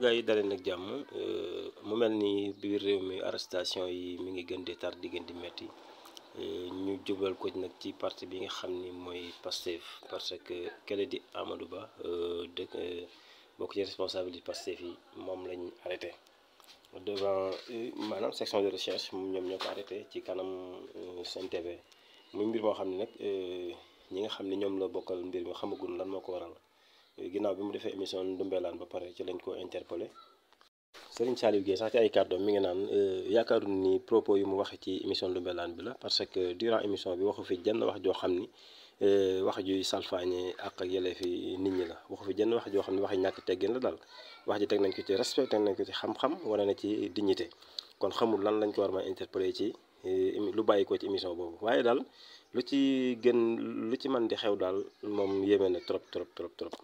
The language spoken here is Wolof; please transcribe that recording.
sama yi daleen nag jàmm euh, mu mel ni biir réew mi arrestation yi mi ngi gën di tar di gën di metti euh, ñu jubal ko nag ci partie bi nga xam ni mooy Pastef parce que kële di Amadou Ba de euh, dëkk bokk ci responsable di Pastef yi moom lañ arrêté devant maanaam section de recherche ñoom ñoo ko arrêté ci kanam CNTV muy mbir moo xam ne nag ñi nga xam ne ñoom la bokkal mbir mi xamagul lan moo ko waral ginnaaw bi mu defee émission Ndoumbelane ba pare ci lañ ko interpellé Serigne Saliou Guèye sax ci ay kàddoom mi ngi naan euh, yaakaaru ni propos yu mu waxee ci émission Ndoumbelane bi la parce que durant émission bi waxu fi jenn wax joo xam ni euh, wax juy salfaañe ak ak yële fi nit ñi la waxu fi jenn wax joo xam ne waxi ñàkk teggin la daal wax ji teg nañ ko ci respect teg nañ ci xam-xam wane na ci dignité kon xamul lan lañ ko war ma interpellé ci euh, lu bàyyi ko ci émission boobu waaye daal lu ci gën lu ci mën di xew daal moom yéeme na trop trop trop trop